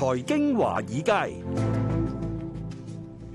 財經華爾街，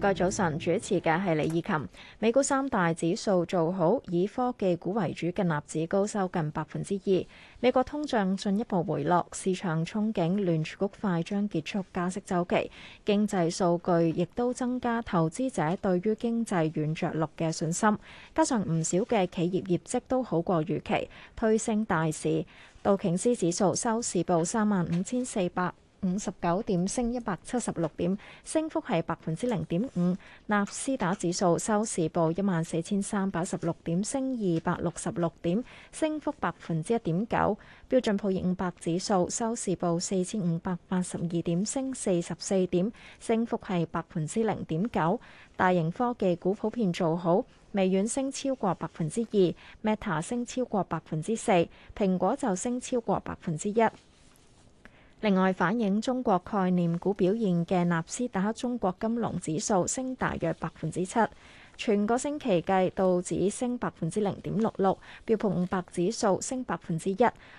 今早晨主持嘅係李以琴。美股三大指數做好，以科技股為主嘅納指高收近百分之二。美國通脹進一步回落，市場憧憬聯儲局快將結束加息週期。經濟數據亦都增加投資者對於經濟軟着陸嘅信心，加上唔少嘅企業業績都好過預期，推升大市。道瓊斯指數收市報三萬五千四百。五十九點升一百七十六點，升幅係百分之零點五。納斯達指數收市報一萬四千三百一十六點，升二百六十六點，升幅百分之一點九。標準普爾五百指數收市報四千五百八十二點，升四十四點，升幅係百分之零點九。大型科技股普遍做好，微軟升超過百分之二，Meta 升超過百分之四，蘋果就升超過百分之一。另外反映中國概念股表現嘅納斯達克中國金龍指數升大約百分之七，全個星期計，道指升百分之零點六六，標普五百指數升百分之一，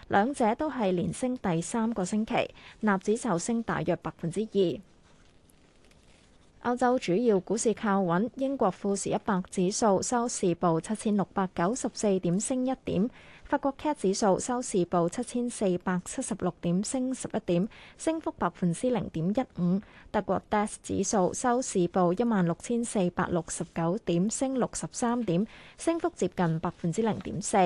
兩者都係連升第三個星期，納指就升大約百分之二。歐洲主要股市靠穩，英國富時一百指數收市報七千六百九十四點，升一點；法國 CAC 指數收市報七千四百七十六點，升十一點，升幅百分之零點一五；德國 DAX 指數收市報一萬六千四百六十九點，升六十三點，升幅接近百分之零點四。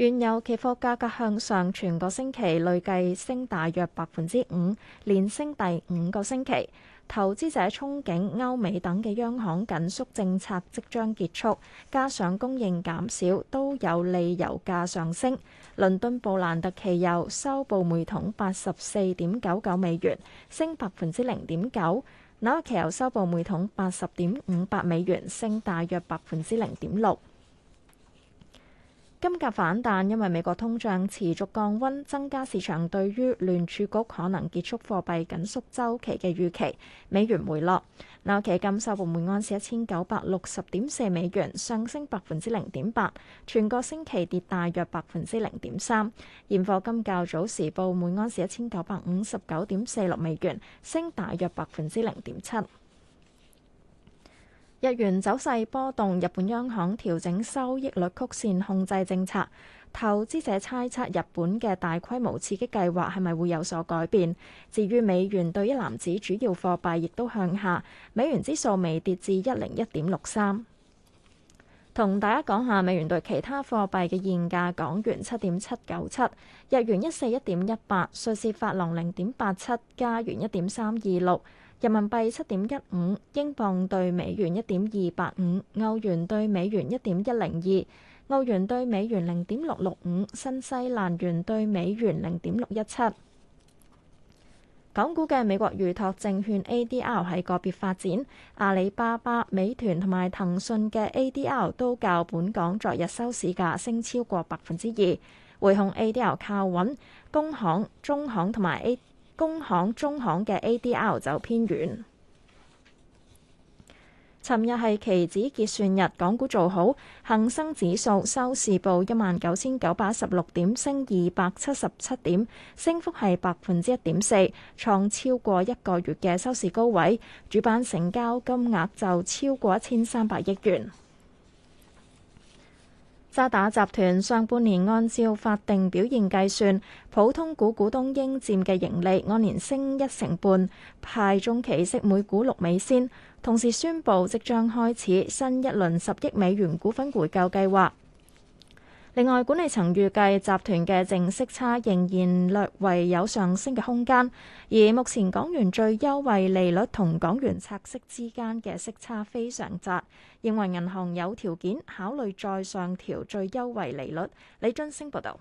原油期貨價格向上，全個星期累計升大約百分之五，連升第五個星期。投資者憧憬歐美等嘅央行緊縮政策即將結束，加上供應減少，都有利油價上升。倫敦布蘭特期油收報每桶八十四點九九美元，升百分之零點九；紐約期油收報每桶八十點五八美元，升大約百分之零點六。金價反彈，因為美國通脹持續降溫，增加市場對於聯儲局可能結束貨幣緊縮周期嘅預期，美元回落。紐期金收報每盎司一千九百六十點四美元，上升百分之零點八，全個星期跌大約百分之零點三。現貨金較早時報每盎司一千九百五十九點四六美元，升大約百分之零點七。日元走勢波動，日本央行調整收益率曲線控制政策，投資者猜測日本嘅大規模刺激計劃係咪會有所改變。至於美元對一籃子主要貨幣亦都向下，美元指數未跌至一零一點六三。同大家講下美元對其他貨幣嘅現價：港元七點七九七，日元一四一點一八，瑞士法郎零點八七，加元一點三二六。人民幣七點一五，英鎊對美元一點二八五，歐元對美元一點一零二，澳元對美元零點六六五，新西蘭元對美元零點六一七。港股嘅美國預託證券 ADR 係個別發展，阿里巴巴、美團同埋騰訊嘅 ADR 都較本港昨日收市價升超過百分之二，匯控 ADR 靠穩，工行、中行同埋 A。工行、中行嘅 A D R 就偏遠。尋日係期指結算日，港股做好，恒生指數收市報一萬九千九百十六點，升二百七十七點，升幅係百分之一點四，創超過一個月嘅收市高位。主板成交金額就超過一千三百億元。渣打集團上半年按照法定表現計算，普通股股東應占嘅盈利按年升一成半，派中期息每股六美仙，同時宣布即將開始新一輪十億美元股份回購計劃。另外，管理層預計集團嘅淨息差仍然略為有上升嘅空間，而目前港元最優惠利率同港元拆息之間嘅息差非常窄，認為銀行有條件考慮再上調最優惠利率。李津星報道。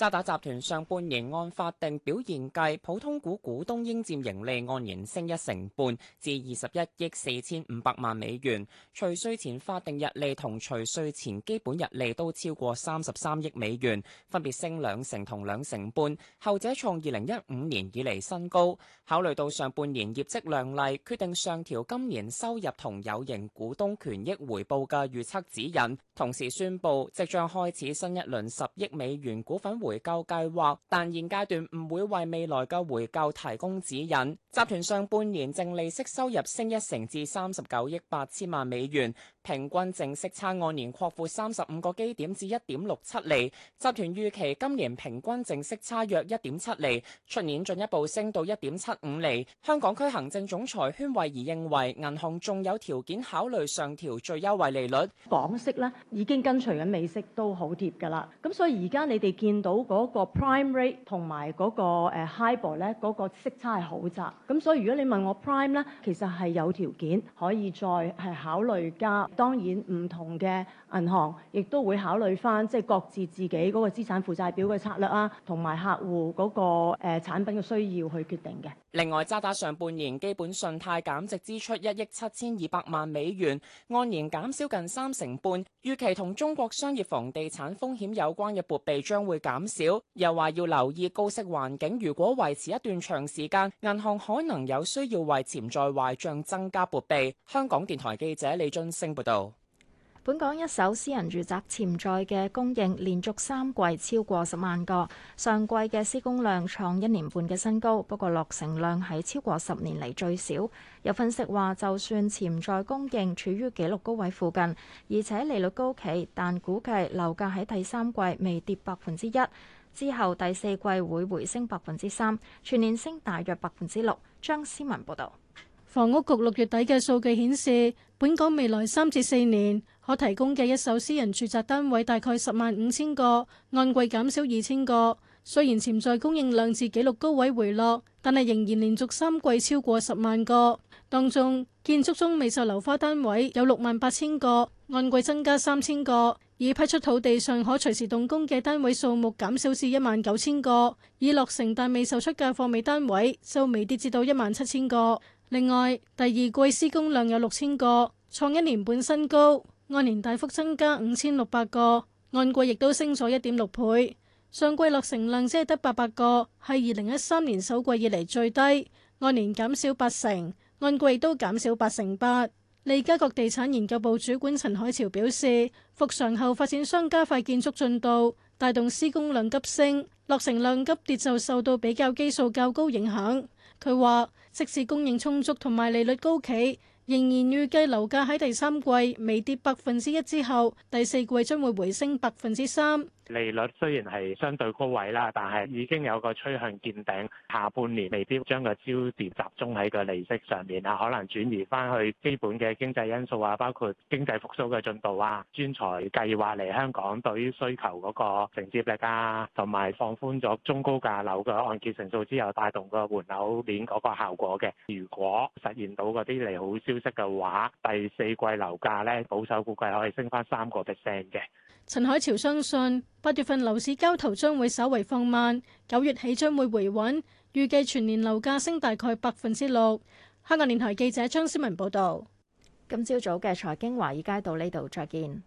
渣打集團上半年按法定表現計，普通股股東應占盈利按年升一成半，至二十一億四千五百萬美元。除稅前法定溢利同除稅前基本溢利都超過三十三億美元，分別升兩成同兩成半，後者創二零一五年以嚟新高。考慮到上半年業績亮麗，決定上調今年收入同有形股東權益回報嘅預測指引，同時宣佈即將開始新一輪十億美元股份回回購計劃，但現階段唔會為未來嘅回購提供指引。集團上半年淨利息收入升一成至三十九億八千萬美元，平均淨息差按年擴闊三十五個基點至一點六七厘。集團預期今年平均淨息差約一點七厘，出年進一步升到一點七五厘。香港區行政總裁禤惠儀認為，銀行仲有條件考慮上調最優惠利率。港息呢已經跟隨緊美息都好貼噶啦，咁所以而家你哋見到。嗰個 prime rate 同埋嗰個誒 high 部咧，嗰個色差係好窄，咁所以如果你問我 prime 咧，其實係有條件可以再係考慮加，當然唔同嘅。銀行亦都會考慮翻，即係各自自己嗰個資產負債表嘅策略啊，同埋客戶嗰個誒產品嘅需要去決定嘅。另外，渣打上半年基本信貸減值支出一億七千二百萬美元，按年減少近三成半。預期同中國商業房地產風險有關嘅撥備將會減少，又話要留意高息環境，如果維持一段長時間，銀行可能有需要為潛在壞賬增加撥備。香港電台記者李津升報道。本港一手私人住宅潛在嘅供應連續三季超過十萬個，上季嘅施工量創一年半嘅新高，不過落成量係超過十年嚟最少。有分析話，就算潛在供應處於紀錄高位附近，而且利率高企，但估計樓價喺第三季微跌百分之一，之後第四季會回升百分之三，全年升大約百分之六。張思文報導，房屋局六月底嘅數據顯示，本港未來三至四年，可提供嘅一手私人住宅單位大概十萬五千個，按季減少二千個。雖然潛在供應量自紀錄高位回落，但係仍然連續三季超過十萬個。當中建築中未售樓花單位有六萬八千個，按季增加三千個。已批出土地上可隨時動工嘅單位數目減少至一萬九千個，已落成但未售出嘅貨尾單位就微跌至到一萬七千個。另外，第二季施工量有六千個，創一年半新高。按年大幅增加五千六百個，按季亦都升咗一點六倍。上季落成量只係得八百個，係二零一三年首季以嚟最低，按年減少八成，按季都減少八成八。利嘉閣地產研究部主管陳海潮表示，復常後發展商加快建築進度，帶動施工量急升，落成量急跌就受到比較基數較高影響。佢話即使供應充足同埋利率高企。仍然預計樓價喺第三季微跌百分之一之後，第四季將會回升百分之三。利率雖然係相對高位啦，但係已經有個趨向見頂。下半年未必將個焦點集中喺個利息上面啊，可能轉移翻去基本嘅經濟因素啊，包括經濟復甦嘅進度啊，專才計劃嚟香港對於需求嗰個承接力啊，同埋放寬咗中高價樓嘅按揭成數之後，帶動個換樓鏈嗰個效果嘅。如果實現到嗰啲利好消息嘅話，第四季樓價咧保守估計可以升翻三個 percent 嘅。陳海潮相信。八月份樓市交投將會稍為放慢，九月起將會回穩，預計全年樓價升大概百分之六。香港電台記者張思文報道。今朝早嘅財經華爾街到呢度，再見。